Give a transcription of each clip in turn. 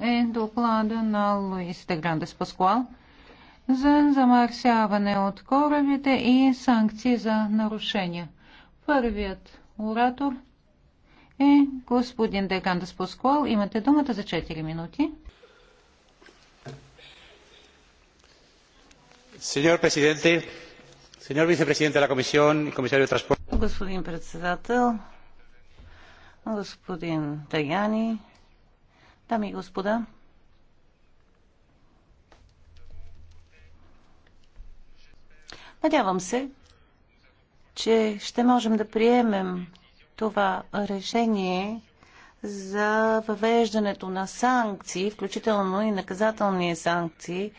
е доклада на Луис де Грандес Паскуал за замърсяване от корабите и санкции за нарушения. Първият оратор е господин де Грандес Паскуал. Имате думата за 4 минути. Señor presidente, señor vicepresidente de la Comisión y comisario de Transporte. Господин председател, господин Таяни, Дами и господа, надявам се, че ще можем да приемем това решение за въвеждането на санкции, включително и наказателни санкции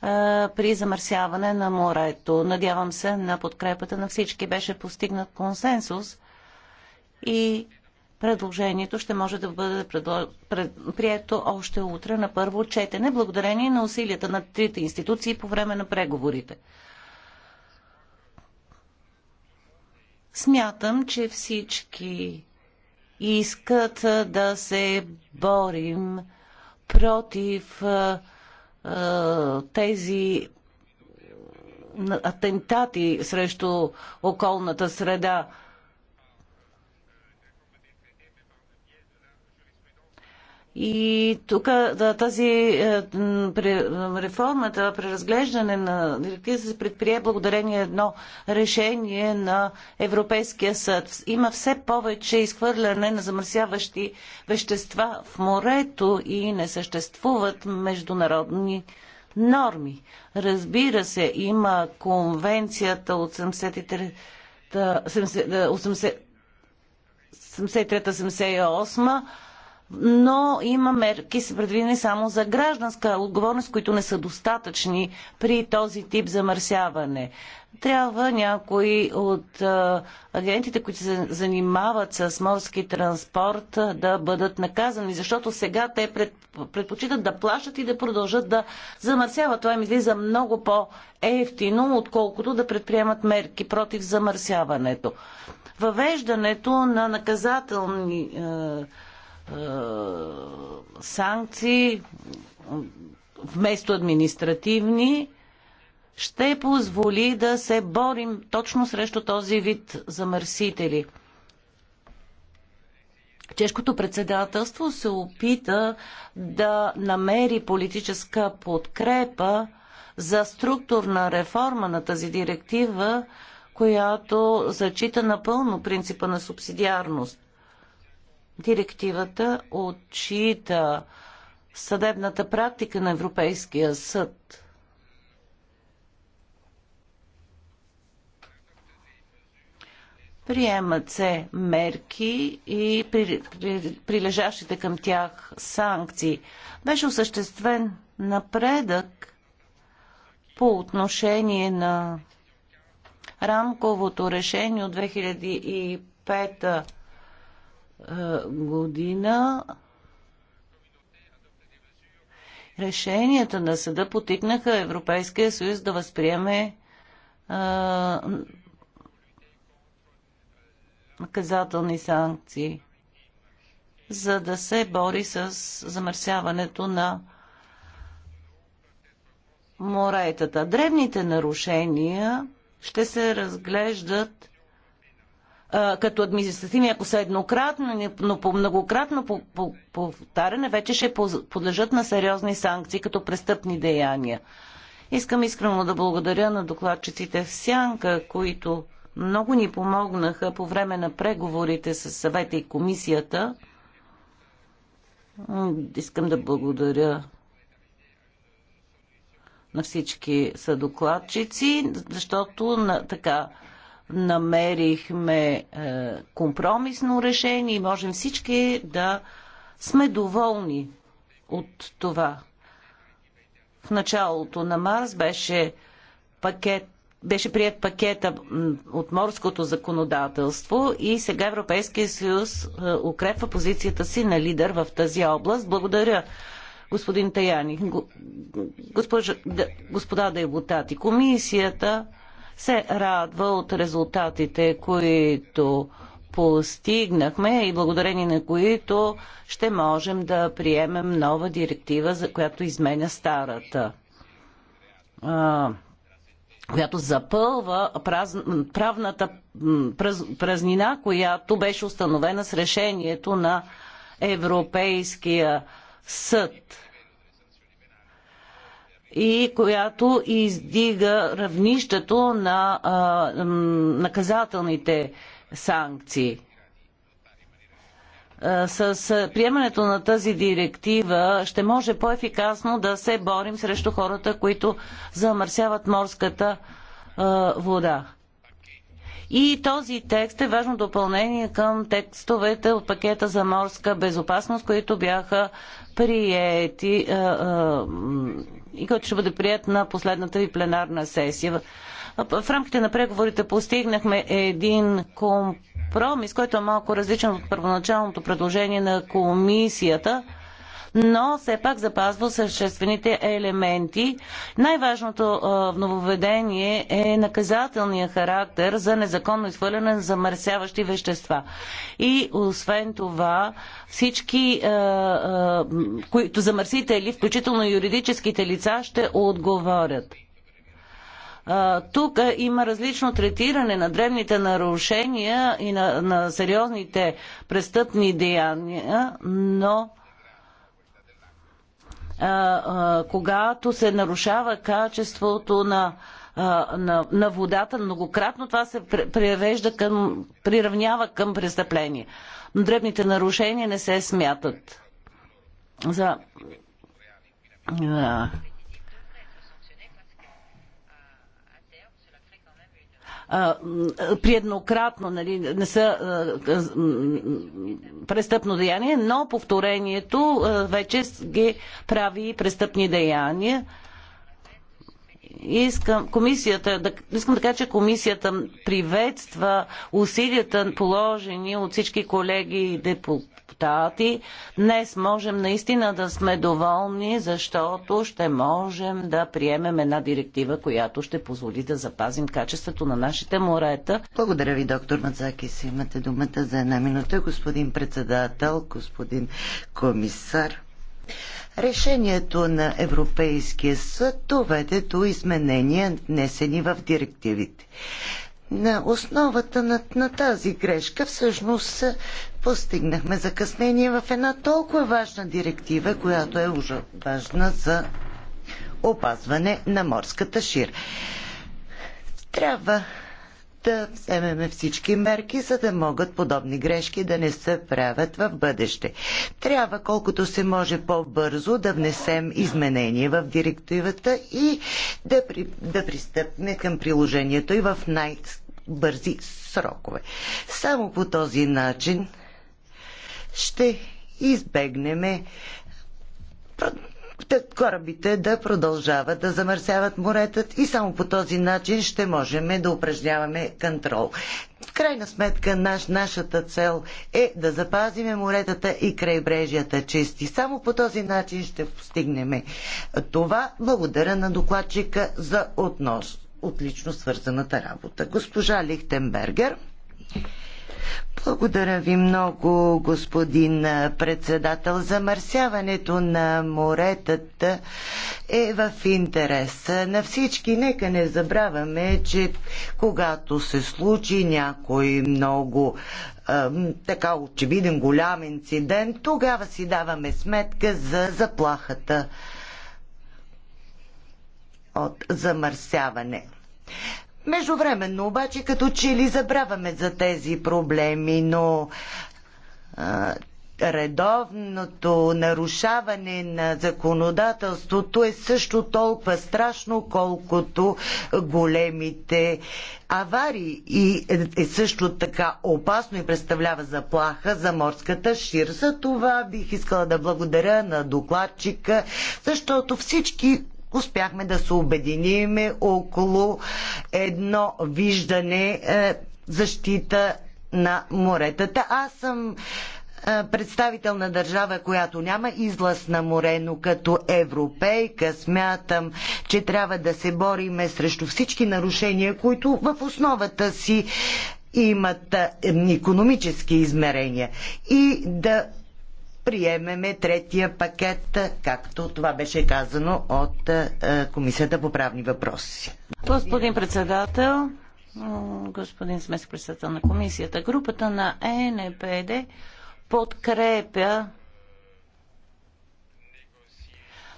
при замърсяване на морето. Надявам се на подкрепата на всички. Беше постигнат консенсус и предложението ще може да бъде прието още утре на първо четене, благодарение на усилията на трите институции по време на преговорите. Смятам, че всички искат да се борим против тези атентати срещу околната среда. И тук да, тази е, пре, реформата, преразглеждане на директива се предприе благодарение едно решение на Европейския съд. Има все повече изхвърляне на замърсяващи вещества в морето и не съществуват международни норми. Разбира се, има конвенцията от 73 73-78 но има мерки са предвидени само за гражданска отговорност, които не са достатъчни при този тип замърсяване. Трябва някои от а, агентите, които се занимават с морски транспорт, да бъдат наказани, защото сега те пред, предпочитат да плащат и да продължат да замърсяват. Това им излиза много по-ефтино, отколкото да предприемат мерки против замърсяването. Въвеждането на наказателни. А, е, санкции вместо административни ще позволи да се борим точно срещу този вид замърсители. Чешкото председателство се опита да намери политическа подкрепа за структурна реформа на тази директива, която зачита напълно принципа на субсидиарност. Директивата отчита съдебната практика на Европейския съд. Приемат се мерки и прилежащите към тях санкции. Беше осъществен напредък по отношение на рамковото решение от 2005 е, година решенията на съда потикнаха Европейския съюз да възприеме е, наказателни санкции, за да се бори с замърсяването на морейтата. Древните нарушения ще се разглеждат като са е еднократно, но по многократно повтаряне вече ще подлежат на сериозни санкции като престъпни деяния. Искам искрено да благодаря на докладчиците в Сянка, които много ни помогнаха по време на преговорите с съвета и комисията. Искам да благодаря на всички съдокладчици, защото на, така намерихме е, компромисно решение и можем всички да сме доволни от това. В началото на Марс беше пакет беше прият пакета от морското законодателство и сега Европейския съюз е, укрепва позицията си на лидер в тази област. Благодаря, господин Таяни. Госпожа, господа депутати, комисията се радва от резултатите, които постигнахме и благодарение на които ще можем да приемем нова директива, за която изменя старата която запълва праз... правната праз... празнина, която беше установена с решението на Европейския съд и която издига равнището на а, наказателните санкции. С приемането на тази директива ще може по-ефикасно да се борим срещу хората, които замърсяват морската а, вода. И този текст е важно допълнение към текстовете от пакета за морска безопасност, които бяха приети а, а, и който ще бъде прият на последната ви пленарна сесия. В рамките на преговорите постигнахме един компромис, който е малко различен от първоначалното предложение на комисията – но все пак запазва съществените елементи. Най-важното в нововведение е наказателния характер за незаконно изхвърляне на замърсяващи вещества. И освен това, всички които замърсители, включително юридическите лица, ще отговорят. Тук има различно третиране на древните нарушения и на, на сериозните престъпни деяния, но когато се нарушава качеството на, на, на водата, многократно това се превежда към, приравнява към престъпление. Но дребните нарушения не се смятат за при еднократно, нали, не са престъпно деяние, но повторението вече ги прави престъпни деяния. Искам, комисията, да, искам да кажа, че комисията приветства усилията положени от всички колеги депутати резултати. Днес можем наистина да сме доволни, защото ще можем да приемем една директива, която ще позволи да запазим качеството на нашите морета. Благодаря ви, доктор Мацакис. Имате думата за една минута, господин председател, господин комисар. Решението на Европейския съд доведе до изменения, внесени в директивите на основата на, на тази грешка всъщност е, постигнахме закъснение в една толкова важна директива, която е уже важна за опазване на морската шир. Трябва да вземеме всички мерки, за да могат подобни грешки да не се правят в бъдеще. Трябва колкото се може по-бързо да внесем изменения в директивата и да, при, да пристъпне към приложението и в най-бързи срокове. Само по този начин ще избегнеме корабите да продължават да замърсяват моретът и само по този начин ще можем да упражняваме контрол. В крайна сметка наш, нашата цел е да запазиме моретата и крайбрежията чисти. Само по този начин ще постигнем това. Благодаря на докладчика за относ, отлично свързаната работа. Госпожа Лихтенбергер. Благодаря ви много, господин председател. Замърсяването на моретата е в интерес на всички. Нека не забравяме, че когато се случи някой много така очевиден голям инцидент, тогава си даваме сметка за заплахата от замърсяване. Междувременно обаче като че ли забравяме за тези проблеми, но а, редовното нарушаване на законодателството е също толкова страшно, колкото големите аварии и е също така опасно и представлява заплаха за морската шир. За това бих искала да благодаря на докладчика, защото всички успяхме да се обединиме около едно виждане е, защита на моретата. Аз съм е, представител на държава, която няма излаз на море, но като европейка смятам, че трябва да се бориме срещу всички нарушения, които в основата си имат економически измерения и да приемеме третия пакет, както това беше казано от е, Комисията по правни въпроси. Господин председател, господин смесък председател на комисията, групата на ЕНПД подкрепя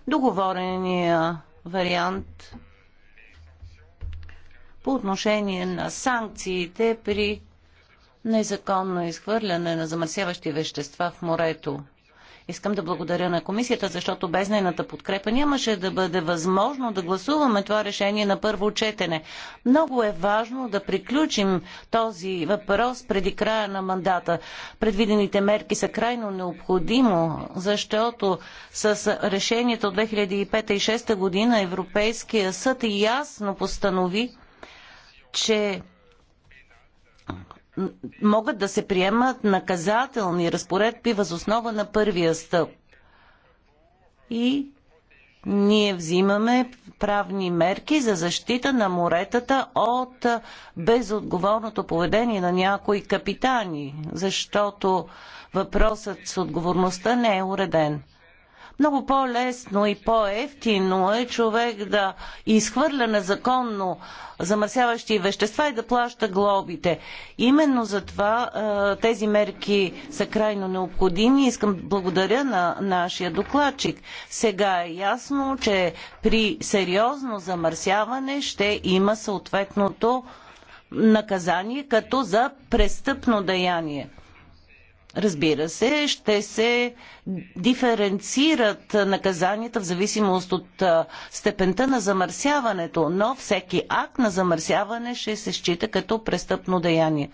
договорения вариант по отношение на санкциите при незаконно изхвърляне на замърсяващи вещества в морето. Искам да благодаря на комисията, защото без нейната подкрепа нямаше да бъде възможно да гласуваме това решение на първо четене. Много е важно да приключим този въпрос преди края на мандата. Предвидените мерки са крайно необходимо, защото с решението от 2005 и 2006 година Европейския съд ясно постанови, че могат да се приемат наказателни разпоредби възоснова на първия стъп. И ние взимаме правни мерки за защита на моретата от безотговорното поведение на някои капитани, защото въпросът с отговорността не е уреден. Много по-лесно и по-ефтино е човек да изхвърля незаконно замърсяващи вещества и да плаща глобите. Именно за това е, тези мерки са крайно необходими. Искам да благодаря на нашия докладчик. Сега е ясно, че при сериозно замърсяване ще има съответното наказание като за престъпно деяние. Разбира се, ще се диференцират наказанията в зависимост от степента на замърсяването, но всеки акт на замърсяване ще се счита като престъпно деяние.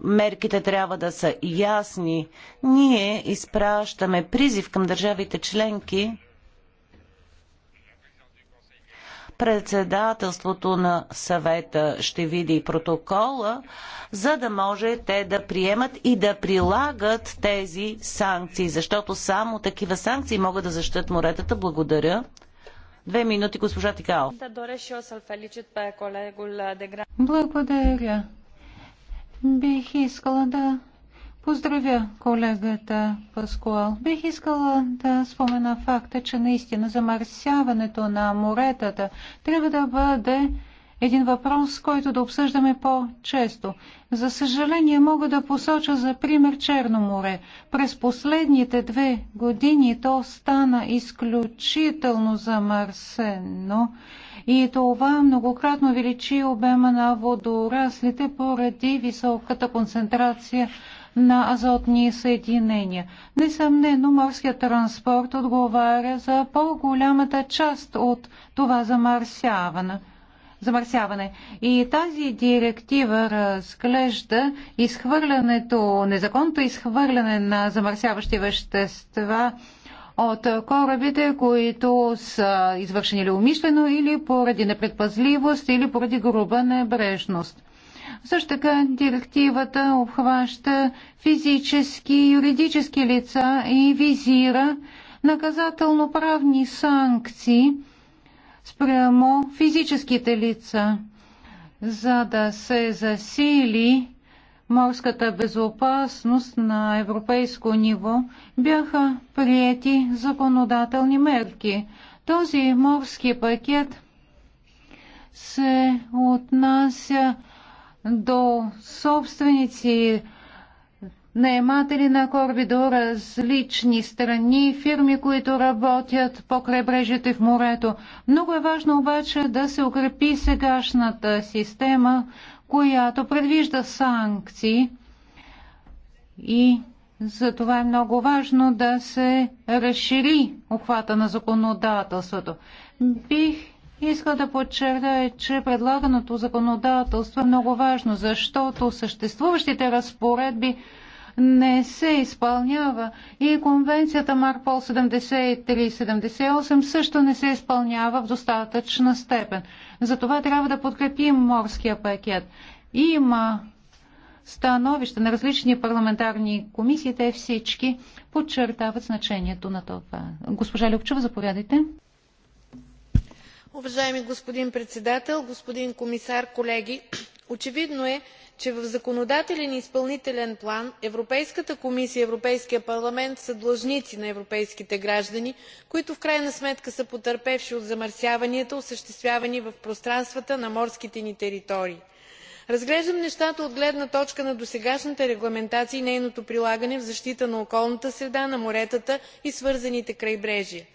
Мерките трябва да са ясни. Ние изпращаме призив към държавите членки председателството на съвета ще види протокола, за да може те да приемат и да прилагат тези санкции, защото само такива санкции могат да защитят моретата. Благодаря. Две минути, госпожа Тикао. Благодаря. Бих искала да Поздравя колегата Паскуал. Бих искала да спомена факта, че наистина замърсяването на моретата трябва да бъде един въпрос, който да обсъждаме по-често. За съжаление мога да посоча за пример Черно море. През последните две години то стана изключително замърсено и това многократно увеличи обема на водораслите поради високата концентрация на азотни съединения. Несъмнено, морският транспорт отговаря за по-голямата част от това замърсяване замърсяване. И тази директива разглежда изхвърлянето, незаконното изхвърляне на замърсяващи вещества от корабите, които са извършени или умишлено, или поради непредпазливост, или поради груба небрежност. Също така директивата обхваща физически и юридически лица и визира наказателно-правни санкции спрямо физическите лица, за да се засили морската безопасност на европейско ниво бяха приети законодателни мерки. Този морски пакет се отнася до собственици, наематели на кораби до различни страни, фирми, които работят по крайбрежите в морето. Много е важно обаче да се укрепи сегашната система, която предвижда санкции и за това е много важно да се разшири обхвата на законодателството. Бих иска да подчертая, че предлаганото законодателство е много важно, защото съществуващите разпоредби не се изпълнява и конвенцията Марпол 73-78 също не се изпълнява в достатъчна степен. Затова трябва да подкрепим морския пакет. Има становища на различни парламентарни комисии, те всички подчертават значението на това. Госпожа Любчева, заповядайте уважаеми господин председател господин комисар колеги! очевидно е че в законодателен и изпълнителен план европейската комисия и европейският парламент са длъжници на европейските граждани които в крайна сметка са потърпевши от замърсяванията осъществявани в пространствата на морските ни територии. разглеждам нещата от гледна точка на досегашната регламентация и нейното прилагане в защита на околната среда на моретата и свързаните крайбрежия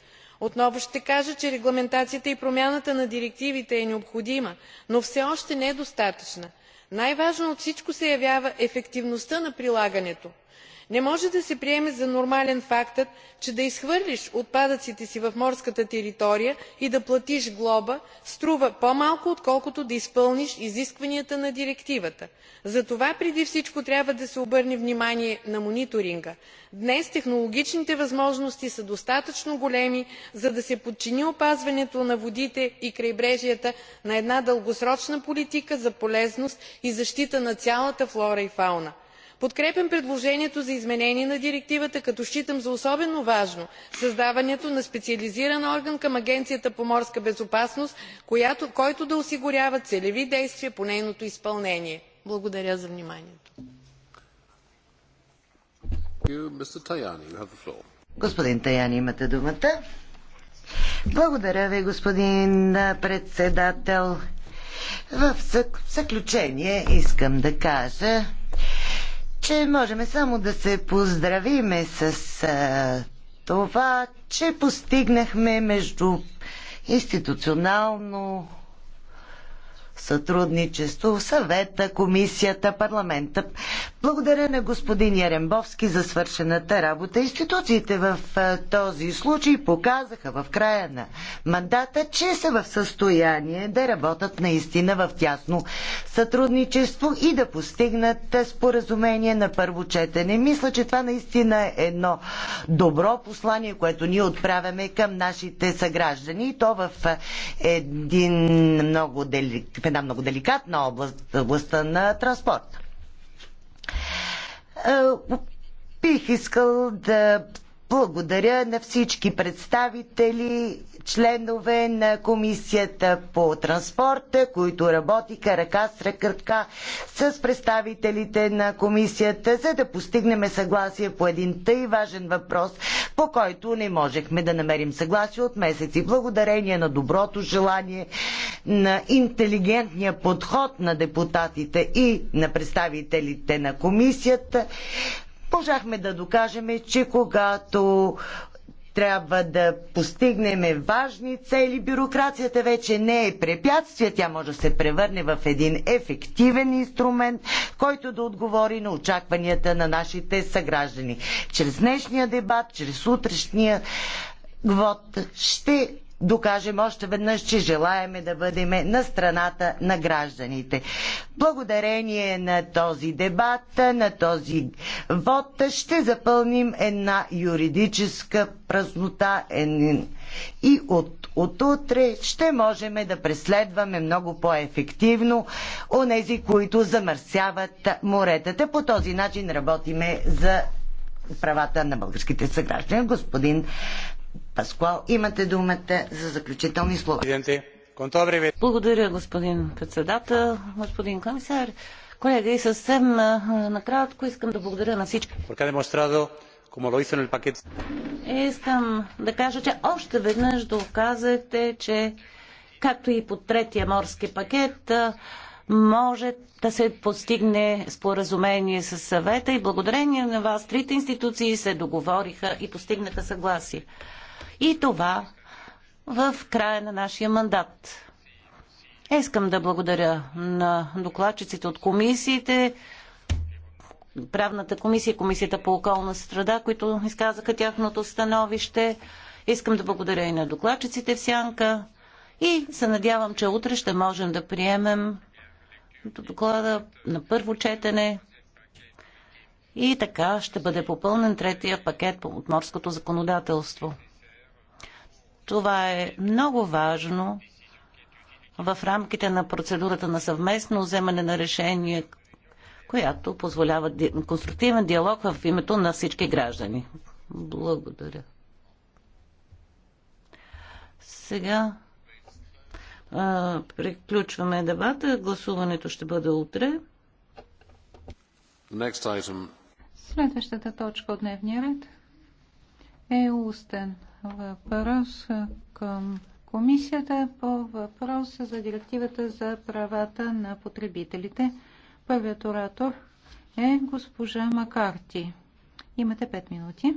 отново ще кажа че регламентацията и промяната на директивите е необходима но все още недостатъчна. Е най важно от всичко се явява ефективността на прилагането не може да се приеме за нормален фактът че да изхвърлиш отпадъците си в морската територия и да платиш глоба струва по малко отколкото да изпълниш изискванията на директивата. затова преди всичко трябва да се обърне внимание на мониторинга. днес технологичните възможности са достатъчно големи за да се подчини опазването на водите и крайбрежията на една дългосрочна политика за полезност и защита на цялата флора и фауна подкрепям предложението за изменение на директивата като считам за особено важно създаването на специализиран орган към агенцията по морска безопасност който да осигурява целеви действия по нейното изпълнение. благодаря за вниманието. Господин Таяни, имате думата. Благодаря ви, господин председател. В заключение искам да кажа, че можем само да се поздравиме с а, това, че постигнахме между институционално сътрудничество в съвета, комисията, парламента. Благодаря на господин Ярембовски за свършената работа. Институциите в този случай показаха в края на мандата, че са в състояние да работят наистина в тясно сътрудничество и да постигнат споразумение на първо четене. Мисля, че това наистина е едно добро послание, което ние отправяме към нашите съграждани и то в един много деликатен в една много деликатна област, областта на транспорта. Е, бих искал да благодаря на всички представители, членове на Комисията по транспорта, които работиха ръка с ръка с представителите на Комисията, за да постигнем съгласие по един тъй важен въпрос, по който не можехме да намерим съгласие от месеци. Благодарение на доброто желание, на интелигентния подход на депутатите и на представителите на Комисията, можахме да докажем, че когато трябва да постигнем важни цели. Бюрокрацията вече не е препятствие, тя може да се превърне в един ефективен инструмент, който да отговори на очакванията на нашите съграждани. Чрез днешния дебат, чрез утрешния вот ще докажем още веднъж, че желаеме да бъдем на страната на гражданите. Благодарение на този дебат, на този вод, ще запълним една юридическа празнота и от, от утре ще можем да преследваме много по-ефективно онези, които замърсяват моретата. По този начин работиме за правата на българските съграждани. Господин Паскуал, имате думата за заключителни слова. Благодаря, господин председател, господин комисар. Колеги, съвсем накратко искам да благодаря на всички. Искам да кажа, че още веднъж доказахте, че както и по третия морски пакет, може да се постигне споразумение с съвета и благодарение на вас трите институции се договориха и постигнаха съгласие. И това в края на нашия мандат. Искам да благодаря на докладчиците от комисиите, правната комисия комисията по околна среда, които изказаха тяхното становище. Искам да благодаря и на докладчиците в Сянка и се надявам, че утре ще можем да приемем доклада на първо четене и така ще бъде попълнен третия пакет от морското законодателство. Това е много важно в рамките на процедурата на съвместно вземане на решение, която позволява конструктивен диалог в името на всички граждани. Благодаря. Сега приключваме дебата. Гласуването ще бъде утре. Следващата точка от дневния ред е устен въпрос към комисията по въпрос за директивата за правата на потребителите. Първият оратор е госпожа Макарти. Имате 5 минути.